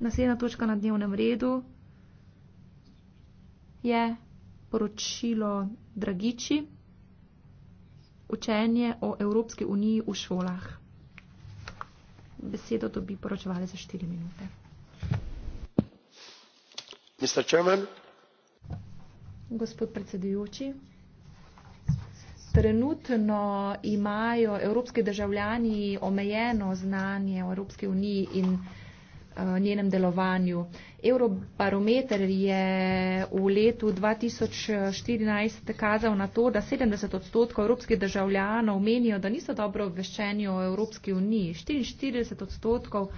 Naslednja točka na dnevnem redu je poročilo Dragiči, učenje o Evropski uniji v šolah. Besedo dobi poročevali za štiri minute. Gospod predsedujoči, trenutno imajo evropski državljani omejeno znanje o Evropski uniji in Eh, njenem delovanju. Eurobarometer je v letu 2014 kazal na to, da 70 odstotkov evropskih državljanov menijo, da niso dobro obveščeni o Evropski uniji. 44 odstotkov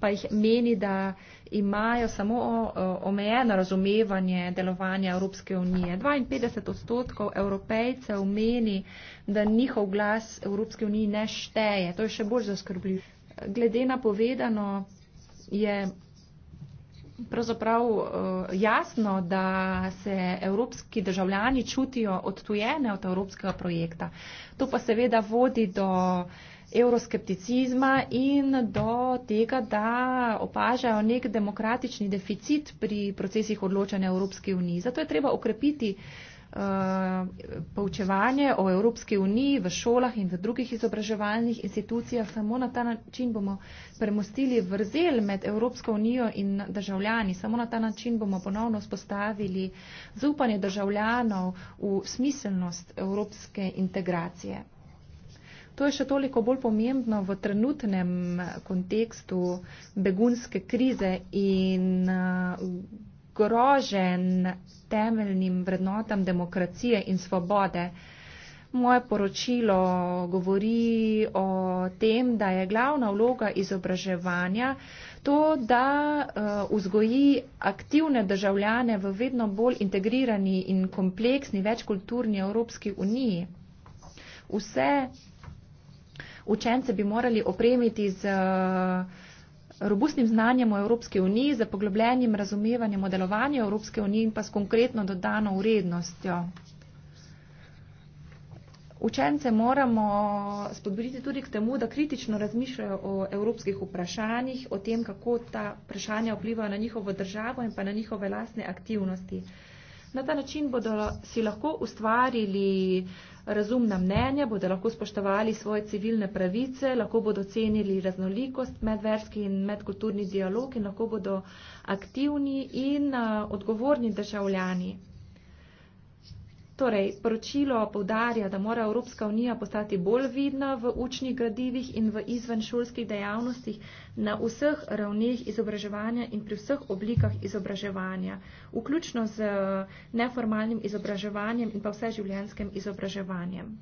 pa jih meni, da imajo samo eh, omejeno razumevanje delovanja Evropske unije. 52 odstotkov evropejcev meni, da njihov glas Evropske unije ne šteje. To je še bolj zaskrbljivo. Glede na povedano, je pravzaprav eh, jasno, da se evropski državljani čutijo odtujene od evropskega projekta. To pa seveda vodi do euroskepticizma in do tega, da opažajo nek demokratični deficit pri procesih odločanja Evropske unije. Zato je treba okrepiti uh, poučevanje o Evropski uniji v šolah in v drugih izobraževalnih institucijah. Samo na ta način bomo premostili vrzel med Evropsko unijo in državljani. Samo na ta način bomo ponovno spostavili zaupanje državljanov v smiselnost evropske integracije. To je še toliko bolj pomembno v trenutnem kontekstu begunske krize in uh, ogrožen temeljnim vrednotam demokracije in svobode. Moje poročilo govori o tem, da je glavna vloga izobraževanja to, da eh, vzgoji aktivne državljane v vedno bolj integrirani in kompleksni večkulturni Evropski uniji. Vse učence bi morali opremiti z uh, robustnim znanjem o Evropske uniji, z poglobljenim razumevanjem modelovanja Evropske unije in pa s konkretno dodano urednostjo. Učence moramo spodbuditi tudi k temu, da kritično razmišljajo o evropskih vprašanjih, o tem, kako ta vprašanja vplivajo na njihovo državo in pa na njihove lastne aktivnosti. Uh, Na ta način bodo si lahko ustvarili razumna mnenja, bodo lahko spoštovali svoje civilne pravice, lahko bodo cenili raznolikost, medverski in medkulturni dialog in lahko bodo aktivni in odgovorni državljani. Torej, poročilo povdarja, da mora Evropska unija postati bolj vidna v učnih gradivih in v izvenšolskih dejavnostih na vseh ravneh izobraževanja in pri vseh oblikah izobraževanja, vključno z neformalnim izobraževanjem in pa vseživljenjskim izobraževanjem.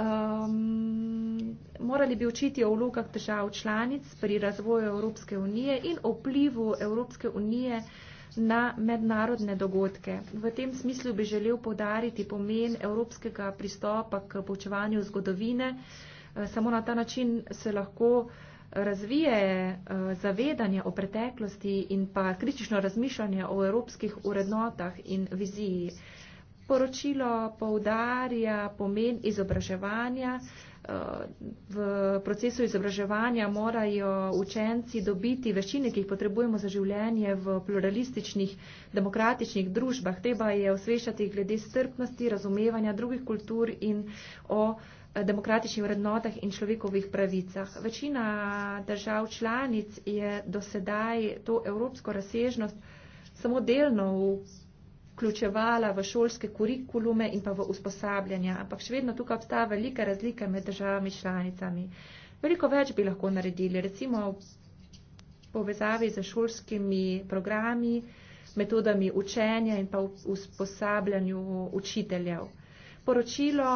Um, morali bi učiti o vlogah držav članic pri razvoju Evropske unije in o vplivu Evropske unije na mednarodne dogodke. V tem smislu bi želel podariti pomen evropskega pristopa k poučevanju zgodovine. Eh, samo na ta način se lahko razvije eh, zavedanje o preteklosti in pa kritično razmišljanje o evropskih urednotah in viziji. Poročilo poudarja pomen izobraževanja, v procesu izobraževanja morajo učenci dobiti veščine, ki jih potrebujemo za življenje v pluralističnih, demokratičnih družbah. Treba je osveščati glede strpnosti, razumevanja drugih kultur in o eh, demokratičnih vrednotah in človekovih pravicah. Večina držav članic je do sedaj to evropsko razsežnost samo delno v vključevala v šolske kurikulume in pa v usposabljanja, ampak še vedno tukaj obstaja velika razlika med državami članicami. Veliko več bi lahko naredili, recimo v povezavi z šolskimi programi, metodami učenja in pa usposabljanju učiteljev. Poročilo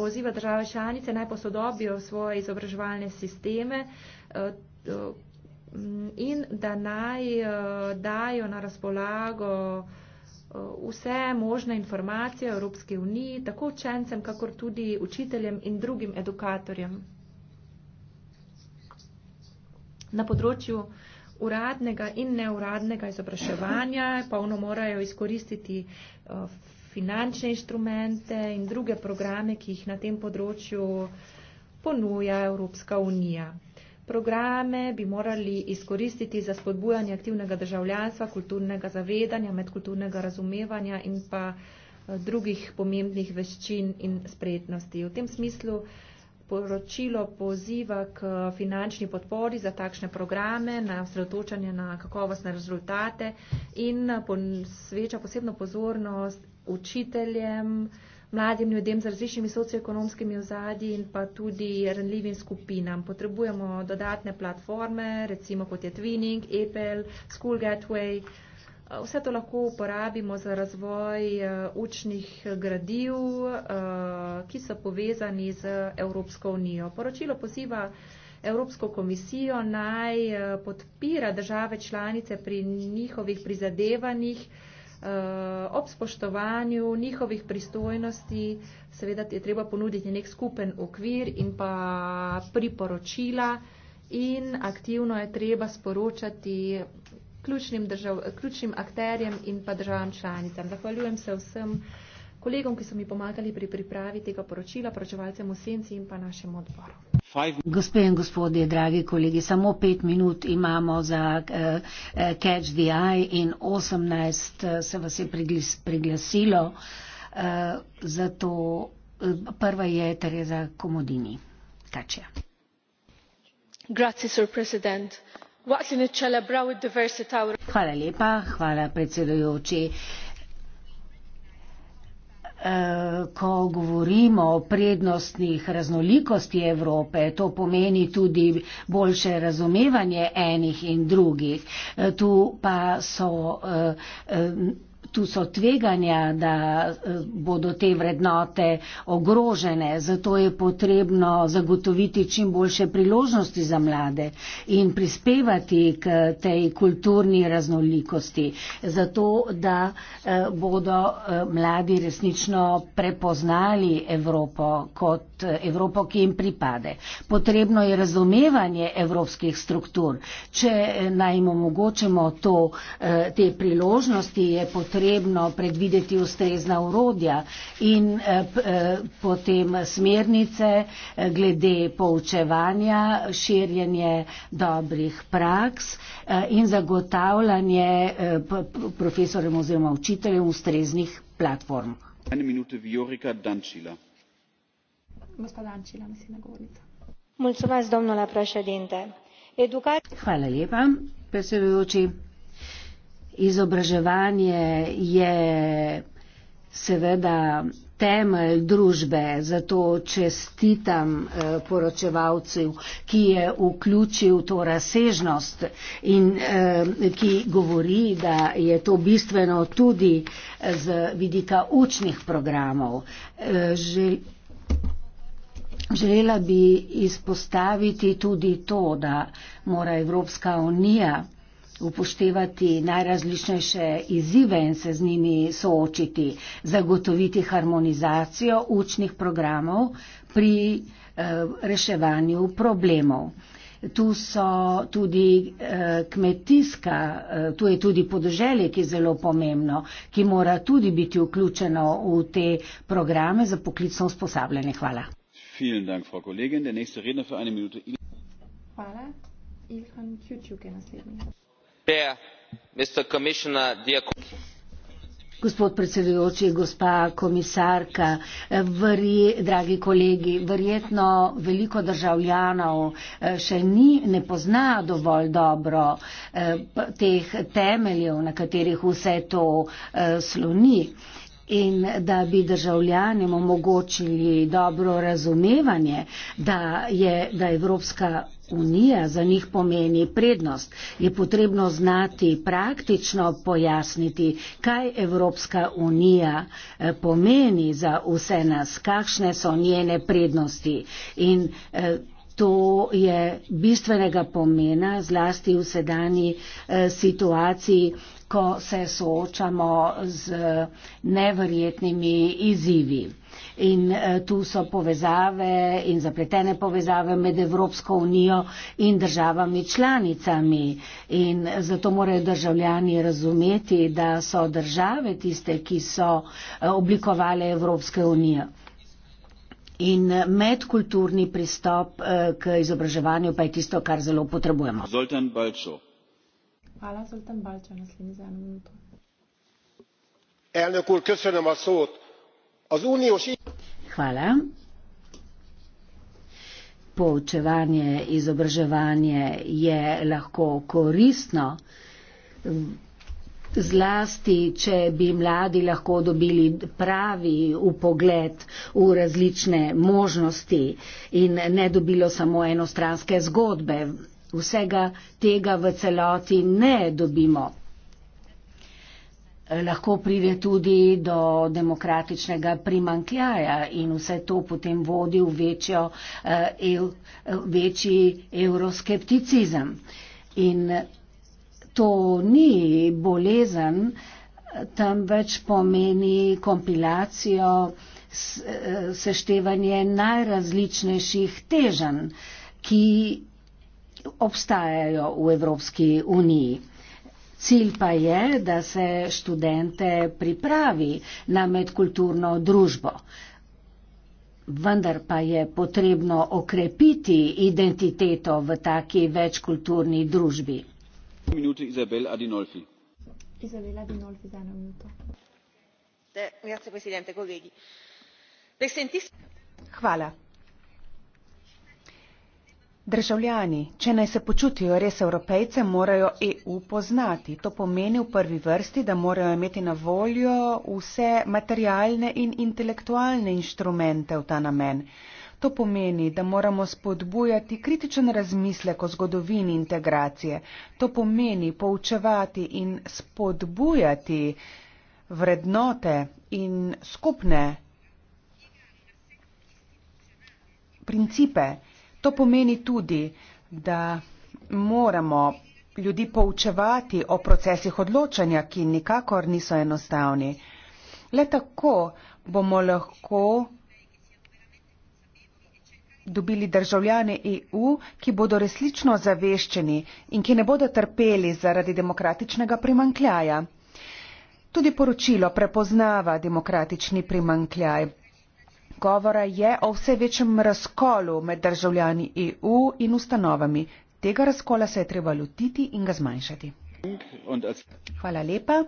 poziva države članice naj posodobijo svoje izobraževalne sisteme eh, eh, in da naj eh, dajo na razpolago Eh, vse možne informacije o Evropski uniji, tako učencem, kakor tudi učiteljem in drugim edukatorjem. Na področju uradnega in neuradnega izobraševanja polno morajo izkoristiti eh, finančne inštrumente in druge programe, ki jih na tem področju ponuja Evropska unija programe bi morali izkoristiti za spodbujanje aktivnega državljanstva, kulturnega zavedanja, medkulturnega razumevanja in pa eh, drugih pomembnih veščin in spretnosti. V tem smislu poročilo poziva k finančni podpori za takšne programe, na osredotočanje na kakovostne rezultate in sveča posebno pozornost učiteljem, mladim ljudem z različnimi socioekonomskimi ozadji in pa tudi ranljivim skupinam. Potrebujemo dodatne platforme, recimo kot je Twinning, Apple, School Gateway. Vse to lahko uporabimo za razvoj eh, učnih gradiv, eh, ki so povezani z Evropsko unijo. Poročilo poziva Evropsko komisijo naj eh, podpira države članice pri njihovih prizadevanjih Eh, ob spoštovanju njihovih pristojnosti, seveda je treba ponuditi nek skupen okvir in pa priporočila in aktivno je treba sporočati ključnim, držav, ključnim akterjem in pa državam članicam. Zahvaljujem se vsem kolegom, ki so mi pomagali pri pripravi tega poročila, poročevalcem v Senci in pa našem odboru. Gospe in gospodje, dragi kolegi, samo pet minut imamo za uh, Catch the Eye in 18 eh, se vas je priglasilo. Uh, zato uh, prva je Tereza Komodini. Kačja. Grazie, sir president. Hvala lepa, hvala predsedujoči. Uh, Eh, ko govorimo o prednostnih raznolikosti Evrope, to pomeni tudi boljše razumevanje enih in drugih. Eh, tu pa so eh, tu so tveganja, da eh, bodo te vrednote ogrožene, zato je potrebno zagotoviti čim boljše priložnosti za mlade in prispevati k tej kulturni raznolikosti, zato da eh, bodo eh, mladi resnično prepoznali Evropo kot Evropo, ki jim pripade. Potrebno je razumevanje evropskih struktur. Če naj jim omogočimo to, te priložnosti, je potrebno potrebno predvideti ustrezna urodja in eh, eh, potem smernice eh, glede poučevanja, širjenje dobrih praks in zagotavljanje profesorjem oziroma učiteljem ustreznih platform. Hvala lepa, predsedujoči. Izobraževanje je seveda temelj družbe, zato čestitam eh, poročevalcu, ki je vključil to razsežnost in eh, ki govori, da je to bistveno tudi eh, z vidika učnih programov. Že Želela bi izpostaviti tudi to, da mora Evropska unija upoštevati najrazličnejše izzive in se z njimi soočiti, zagotoviti harmonizacijo učnih programov pri eh, reševanju problemov. Tu so tudi eh, kmetijska, eh, tu je tudi podoželje, ki je zelo pomembno, ki mora tudi biti vključeno v te programe za poklicno usposabljanje. Hvala. Dank, Hvala. Ilhan Čučuk je naslednji gospod predsedujoči gospa komisarka dragi kolegi verjetno veliko državljanov eh, še ni ne pozna dovolj dobro eh, teh temeljev na katerih vse to eh, sloni in da bi državljanom omogočili dobro razumevanje da je da evropska Unija za njih pomeni prednost. Je potrebno znati praktično pojasniti, kaj Evropska unija eh, pomeni za vse nas, kakšne so njene prednosti. In eh, to je bistvenega pomena, zlasti v sedanji eh, situaciji, ko se soočamo z neverjetnimi izzivi. In eh, tu so povezave in zapletene povezave med Evropsko unijo in državami članicami. In zato morajo državljani razumeti, da so države tiste, ki so eh, oblikovale Evropske unije. In eh, medkulturni pristop k izobraževanju pa je tisto, kar zelo potrebujemo. Zoltan Balčo elnök úr poučevanje izobraževanje je lahko koristno zlasti če bi mladi lahko dobili pravi upogled v različne možnosti in ne dobilo samo enostranske zgodbe vsega tega v celoti ne dobimo. Lahko pride tudi do demokratičnega primankljaja in vse to potem vodi v večjo, eh, ev, večji euroskepticizem. In to ni bolezen, temveč pomeni kompilacijo eh, seštevanje najrazličnejših težanj, ki obstajajo v Evropski uniji. Cilj pa je, da se študente pripravi na medkulturno družbo. Vendar pa je potrebno okrepiti identiteto v taki večkulturni družbi. Minuto Izabel Adinolfi. Izabel Adinolfi, za eno minuto. Hvala. Državljani, če naj se počutijo res evropejce, morajo EU poznati. To pomeni v prvi vrsti, da morajo imeti na voljo vse materialne in intelektualne inštrumente v ta namen. To pomeni, da moramo spodbujati kritičen razmislek o zgodovini integracije. To pomeni poučevati in spodbujati vrednote in skupne principe To pomeni tudi, da moramo ljudi poučevati o procesih odločanja, ki nikakor niso enostavni. Le tako bomo lahko dobili državljane EU, ki bodo resnično zaveščeni in ki ne bodo trpeli zaradi demokratičnega primankljaja. Tudi poročilo prepoznava demokratični primankljaj govora je o vse večjem razkolu med državljani EU in ustanovami. Tega razkola se je treba lotiti in ga zmanjšati. Hvala lepa.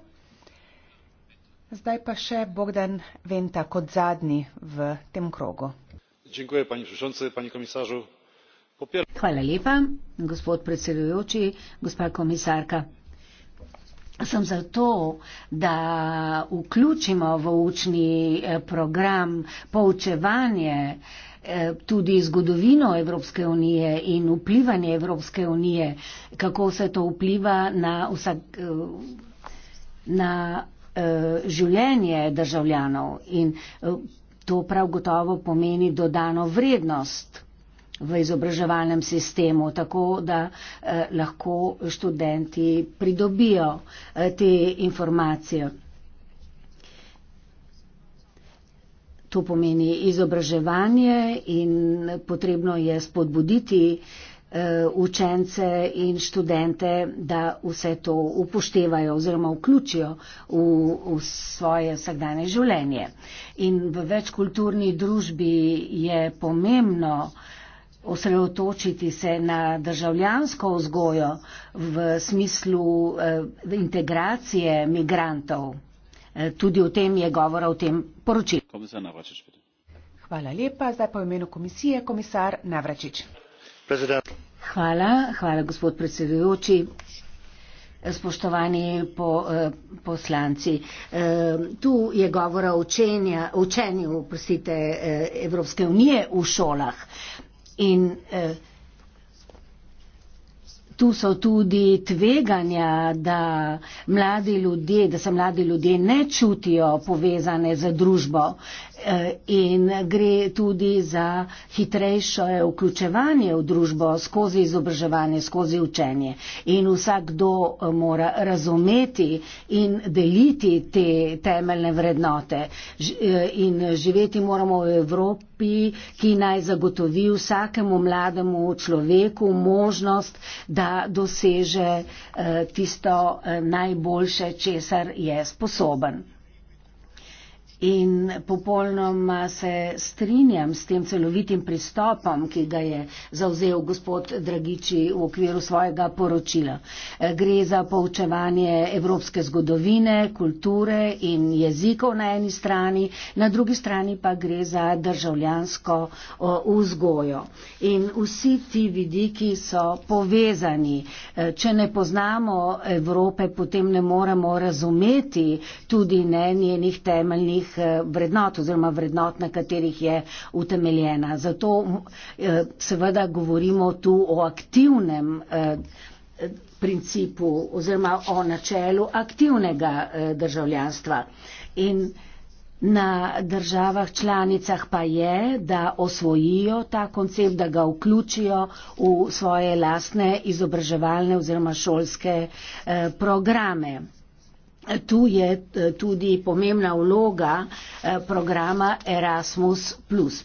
Zdaj pa še Bogdan Venta kot zadnji v tem krogu. Hvala lepa, gospod predsedujoči, gospa komisarka sem zato, da vključimo v učni eh, program poučevanje eh, tudi zgodovino Evropske unije in vplivanje Evropske unije, kako se to vpliva na, vsak, eh, na življenje državljanov. In to prav gotovo pomeni dodano vrednost, v izobraževalnem sistemu, tako da eh, lahko študenti pridobijo eh, te informacije. To pomeni izobraževanje in potrebno je spodbuditi eh, učence in študente, da vse to upoštevajo oziroma vključijo v, v svoje vsakdane življenje. In v večkulturni družbi je pomembno, osredotočiti se na državljansko vzgojo v smislu eh, integracije migrantov. Eh, tudi o tem je govora v tem poročilu. Hvala lepa. Zdaj pa v imenu komisije komisar Navračič. Hvala, hvala gospod predsedujoči. Spoštovani po, eh, poslanci, eh, tu je govora o učenju, učenju prosite, eh, Evropske unije v šolah. In eh, tu so tudi tveganja, da, mladi ljudje, da se mladi ljudje ne čutijo povezane z družbo. Eh, Eh, in gre tudi za hitrejše vključevanje v družbo skozi izobraževanje, skozi učenje. In vsakdo eh, mora razumeti in deliti te temeljne vrednote. Eh, in živeti moramo v Evropi, ki naj zagotovi vsakemu mlademu človeku možnost, da doseže tisto najboljše, česar je sposoben. In popolnoma se strinjam s tem celovitim pristopom, ki ga je zauzel gospod Dragiči v okviru svojega poročila. Eh, gre za poučevanje evropske zgodovine, kulture in jezikov na eni strani, na drugi strani pa gre za državljansko eh, vzgojo. In vsi ti vidiki so povezani. Eh, če ne poznamo Evrope, potem ne moremo razumeti tudi ne njenih temeljnih njihovih eh, vrednot oziroma vrednot, na katerih je utemeljena. Zato eh, seveda govorimo tu o aktivnem eh, principu oziroma o načelu aktivnega državljanstva. In na državah članicah pa je, da osvojijo ta koncept, da ga vključijo v svoje lastne izobraževalne oziroma šolske programe. Tu je eh, tudi pomembna vloga eh, programa Erasmus.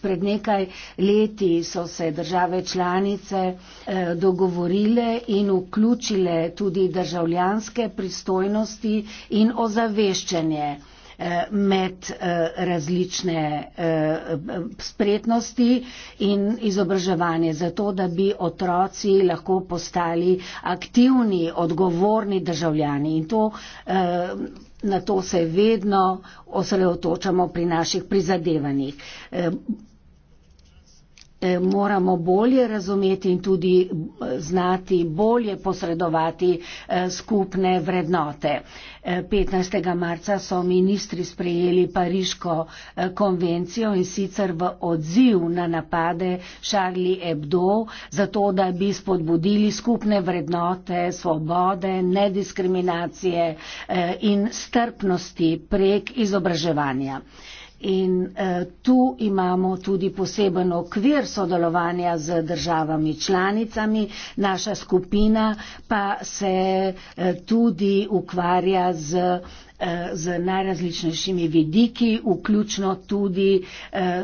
Pred nekaj leti so se države članice eh, dogovorile in vključile tudi državljanske pristojnosti in ozaveščanje. Eh, med eh, različne eh, spretnosti in izobraževanje, zato da bi otroci lahko postali aktivni, odgovorni državljani. In to, na to se vedno osredotočamo pri naših prizadevanjih. Eh, moramo bolje razumeti in tudi eh, znati bolje posredovati eh, skupne vrednote. 15. marca so ministri sprejeli Pariško konvencijo in sicer v odziv na napade Charlie Hebdo, zato da bi spodbudili skupne vrednote svobode, nediskriminacije in strpnosti prek izobraževanja. In eh, tu imamo tudi poseben okvir sodelovanja z državami članicami. Naša skupina pa se eh, tudi ukvarja z, eh, z najrazličnejšimi vidiki, vključno tudi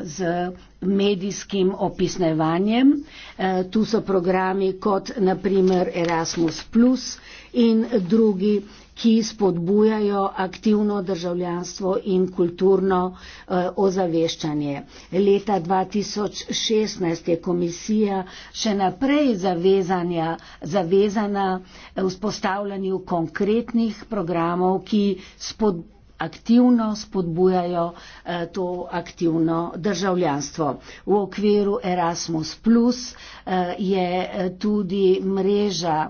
z medijskim opisnevanjem. Tu so programi kot naprimer Erasmus in drugi ki spodbujajo aktivno državljanstvo in kulturno eh, ozaveščanje. Leta 2016 je komisija še naprej zavezana eh, vzpostavljanju konkretnih programov, ki spod, aktivno spodbujajo eh, to aktivno državljanstvo. V okviru Erasmus Plus eh, je eh, tudi mreža eh,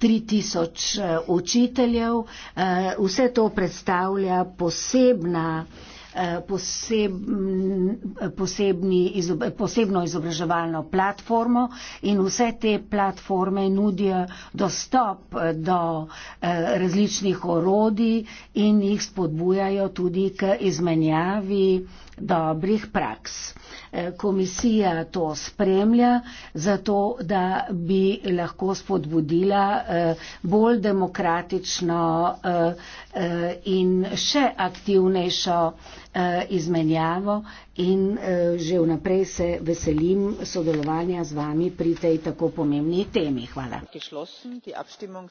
3000 eh, učiteljev. Eh, vse to predstavlja posebna eh, Posebni, posebno izobraževalno platformo in vse te platforme nudijo dostop do različnih orodij in jih spodbujajo tudi k izmenjavi dobrih praks. E, komisija to spremlja, zato da bi lahko spodbudila e, bolj demokratično e, in še aktivnejšo izmenjavo in že vnaprej se veselim sodelovanja z vami pri tej tako pomembni temi. Hvala.